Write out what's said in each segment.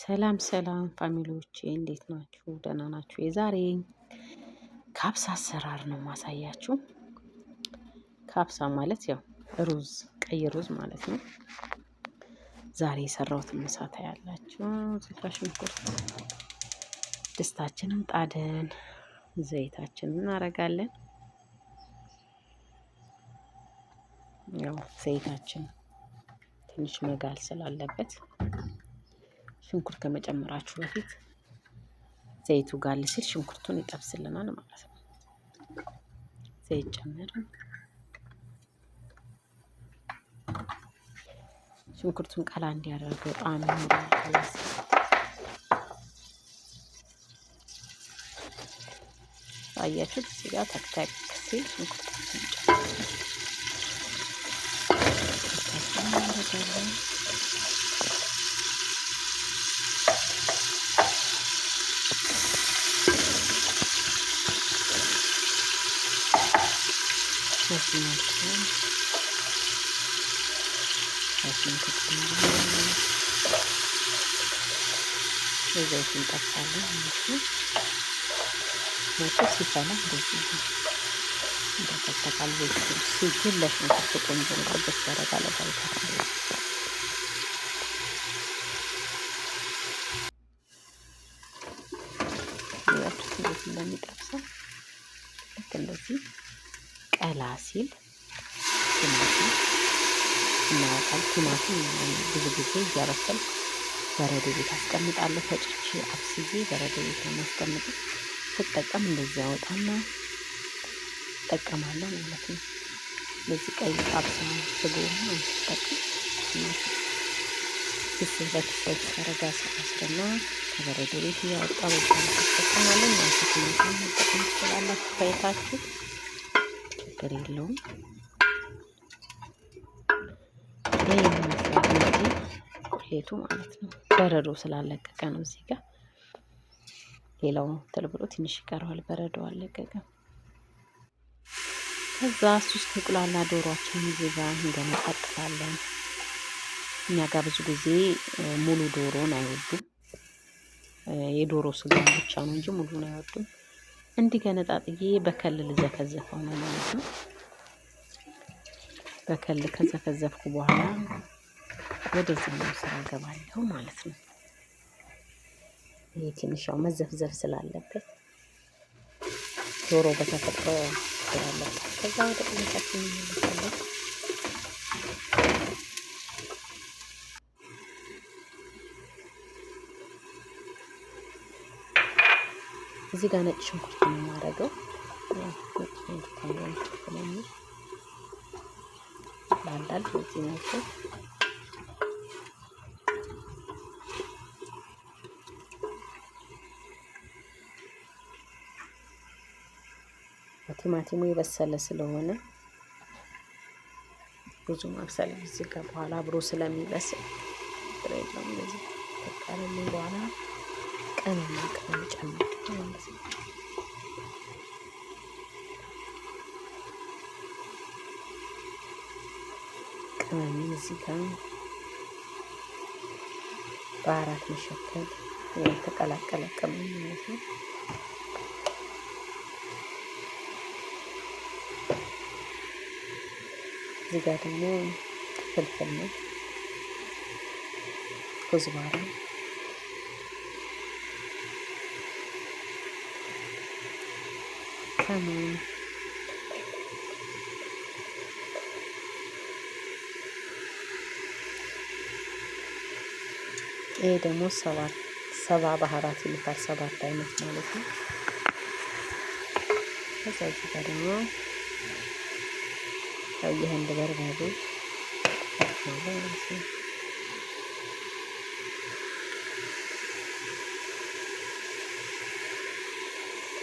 ሰላም ሰላም ፋሚሊዎቼ እንዴት ናችሁ? ደህና ናችሁ? የዛሬ ካብሳ አሰራር ነው ማሳያችሁ። ካብሳ ማለት ያው ሩዝ፣ ቀይ ሩዝ ማለት ነው። ዛሬ የሰራውት ምሳታ ያላችሁ ዝጋ። ሽንኩርት ድስታችንን ጣድን፣ ዘይታችንን እናረጋለን። ያው ዘይታችን ትንሽ መጋል ስላለበት ሽንኩርት ከመጨመራችሁ በፊት ዘይቱ ጋል ሲል ሽንኩርቱን ይጠብስልናል ማለት ነው። ዘይት ጨምርን፣ ሽንኩርቱን ቀላ እንዲያደርገው ጣዕም ይኖራል። አያችሁ እዚህ ጋር ተክተክ ሲል ሽንኩርቱን ጨምራለሁ። በዚህ መልኩ ዘይቱን ትጨምራለህ። ዘይቱን ጠብሳለሁ ማለት ነው። ሲፈላ እንደዚህ ነው ይጠቀጣል። ዘይቱ ሲግለስ ነው ቆንጆ ነው። በሰረጋ ለባይ እንደሚጠብሰው ልክ እንደዚህ ቀላ ሲል ቲማቲም እናወጣል። ቲማቲም ብዙ ጊዜ እያበሰል በረዶ ቤት አስቀምጣለሁ። ፈጭቼ አብስዬ በረዶ ቤት ነው የሚያስቀምጡ ስጠቀም እንደዚህ ያወጣና ጠቀማለሁ ማለት ነው። እንደዚህ ቀይ ጣብሳ ስጎ ስጠቀም ክስ በክሶች ረጋ ስስና ከበረዶ ቤት እያወጣ በጣም እጠቀማለሁ። ቲማቲም ጠቀም ትችላላችሁ ታይታችሁ ችግር የለውም። ይህ ማለት ነው። በረዶ ስላለቀቀ ነው እዚህ ጋር ሌላው ትል ብሎ ትንሽ ይቀረዋል። በረዶ አለቀቀ። ከዛ ሶስት እንቁላልና ዶሮችን እዚህ ጋር እንገነጣጥላለን። እኛ ጋር ብዙ ጊዜ ሙሉ ዶሮን አይወዱም። የዶሮ ስጋ ብቻ ነው እንጂ ሙሉን አይወዱም። እንዲገነጣጥዬ በከልል ዘፈዘፈው ነው ማለት ነው። በከል ከዘፈዘፍኩ በኋላ ወደዚህኛው ስራ ገባለሁ ማለት ነው። ይህ ትንሿ መዘፍዘፍ ስላለበት ዶሮ በተፈጥሮ ስላለበት ከዛ ወደ ቁመታችን ቅንሳችን እዚህ ጋር ነጭ ሽንኩርት ነው የማደርገው። ነጭ ሽንኩርት ነው በዚህ መልኩ ቲማቲሙ የበሰለ ስለሆነ ብዙ ማብሰል እዚህ ጋር በኋላ አብሮ ስለሚበስል ጥሬ እንደዚህ በኋላ ቀንና ቀን ጨምር ቅመም እዚህ ጋር በአራት መሸከል የተቀላቀለ ቅመም ማለት ነው። እዚህ ጋር ደግሞ ፍልፍል ነው ኩዝባራ ሰሞኑ ይሄ ደግሞ ሰባ ባህራት ይሉታል። ሰባት አይነት ማለት ነው። ከዛ እዚህ ጋር ደግሞ ያው የህንድ በርበሬ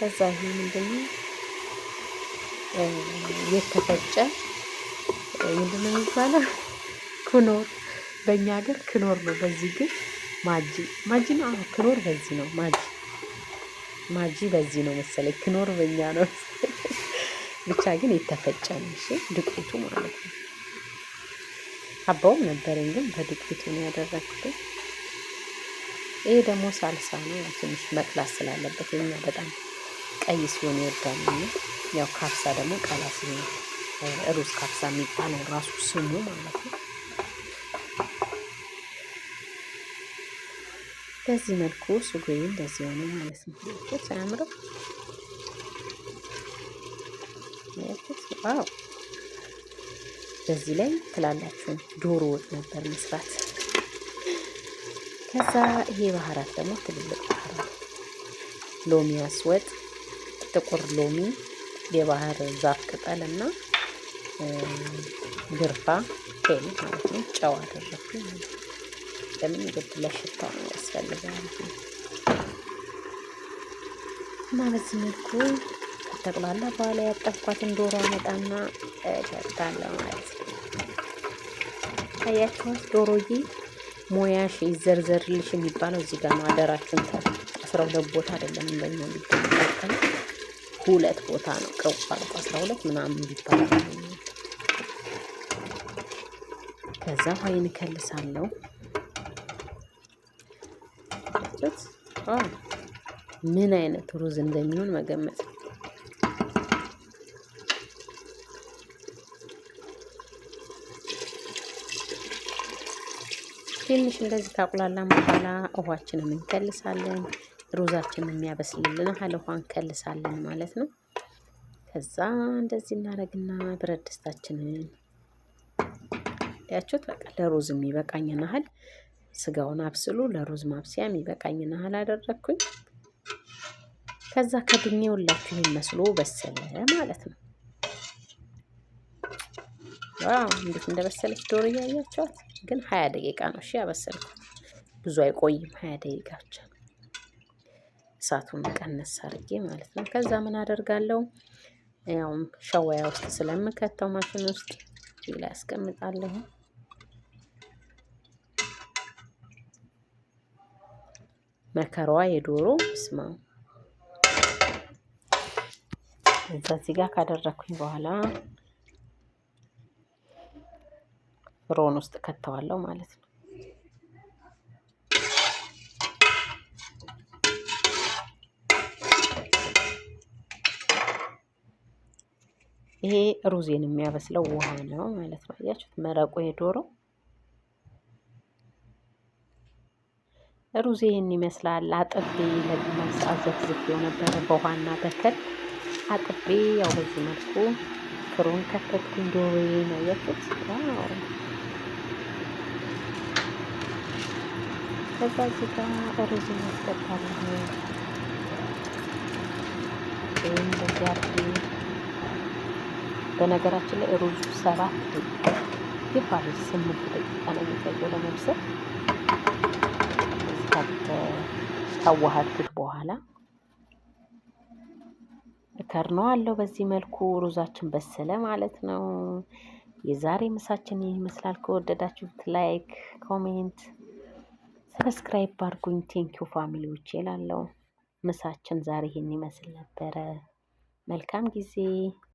ከዛ ይሄ ምንድነው? የተፈጨ ምንድን ነው የሚባለው? ክኖር በእኛ ሀገር ክኖር ነው። በዚህ ግን ማጂ ማጂ ነው። አዎ ክኖር በዚህ ነው። ማጂ ማጂ በዚህ ነው መሰለኝ። ክኖር በእኛ ነው። ብቻ ግን የተፈጨ ነው። እሺ ዱቄቱ ማለት ነው። አባውም ነበረኝ ግን በድቁቱ ነው ያደረግኩት። ይሄ ደግሞ ሳልሳ ነው። ትንሽ መቅላት ስላለበት የኛ በጣም ቀይ ሲሆን ይወዳሉ። ያው ካብሳ ደግሞ ቀላ ሲሆን ሩዝ ካብሳ የሚባለው ራሱ ስሙ ማለት ነው። በዚህ መልኩ ሱጎዬ እንደዚህ ሆነ ማለት ነው። አያምርም? ዋው! በዚህ ላይ ትላላችሁን ዶሮ ወጥ ነበር መስራት። ከዛ ይሄ ባህራት ደግሞ ትልልቅ ባህራት ሎሚያስ ወጥ ጥቁር ሎሚ፣ የባህር ዛፍ ቅጠል እና ግርፋ ቴል ማለት ነው። ጨው አደረግኩ። ለምን ግድ ለሽታ ነው ያስፈልጋል እና በዚህ መልኩ ጠቅላላ በኋላ ያጠብኳትን ዶሮ አመጣና እሸጣለሁ ማለት ነው። ታያችኋት ዶሮዬ ሞያሽ ይዘርዘርልሽ የሚባለው እዚህ ጋር ነው። አደራችሁን አስራ ሁለት ቦታ አይደለም እንደኛ ሊገኝ ሁለት ቦታ ነው ቀው አስራ ሁለት ምናምን ይባላል። ከዛ ሆይን እከልሳለሁ ምን አይነት ሩዝ እንደሚሆን መገመት ትንሽ እንደዚህ ካቁላላን በኋላ ውሃችንን እንከልሳለን። ሩዛችን የሚያበስልልን ውሃን ከልሳለን ማለት ነው። ከዛ እንደዚህ እናደርግና ብረት ድስታችንን ያችሁት በቃ ለሩዝ የሚበቃኝ ናህል ስጋውን አብስሉ። ለሩዝ ማብሰያ የሚበቃኝ ናህል አደረግኩኝ። ከዛ ከድኔ ሁላችሁ የሚመስሉ በሰለ ማለት ነው። ዋው እንዴት እንደበሰለች ዶሮ እያያቸዋት። ግን ሀያ ደቂቃ ነው እሺ ያበሰልኩት። ብዙ አይቆይም ሀያ ደቂቃ ብቻ ነው። እሳቱን ቀነስ አድርጌ ማለት ነው። ከዛ ምን አደርጋለሁ? ያው ሸዋያ ውስጥ ስለምከተው ማሽን ውስጥ ይላ አስቀምጣለሁ። መከራዋ የዶሮ ስማ እዛ እዚህ ጋር ካደረኩኝ በኋላ ሮን ውስጥ ከተዋለሁ ማለት ነው። ይሄ ሩዜን የሚያበስለው ውሃ ነው ማለት ነው። አያችሁት? መረቁ የዶሮ ሩዜ ይህን ይመስላል። አጥቤ ለግማሽ ሰዓት ዘፍዝፌው ነበረ በውሃና በከል አጥቤ፣ ያው በዚህ መልኩ ክሩን ከተትኩኝ። ዶሮዬን አያችሁት? ከዛ እዚህ ጋር ሩዝ ያስገባል። ይህም በዚህ አርጌ በነገራችን ላይ ሩዙ ሰባት ደቂቃ ይፋል ስምንት ደቂቃ ነው የሚፈጀው ለመብሰል። ካዋሃድኩት በኋላ እከርነዋለሁ። በዚህ መልኩ ሩዛችን በሰለ ማለት ነው። የዛሬ ምሳችን ይህ ይመስላል። ከወደዳችሁት ላይክ፣ ኮሜንት፣ ሰብስክራይብ አድርጉኝ። ቴንኪው ፋሚሊዎች ይላለው። ምሳችን ዛሬ ይህን ይመስል ነበረ። መልካም ጊዜ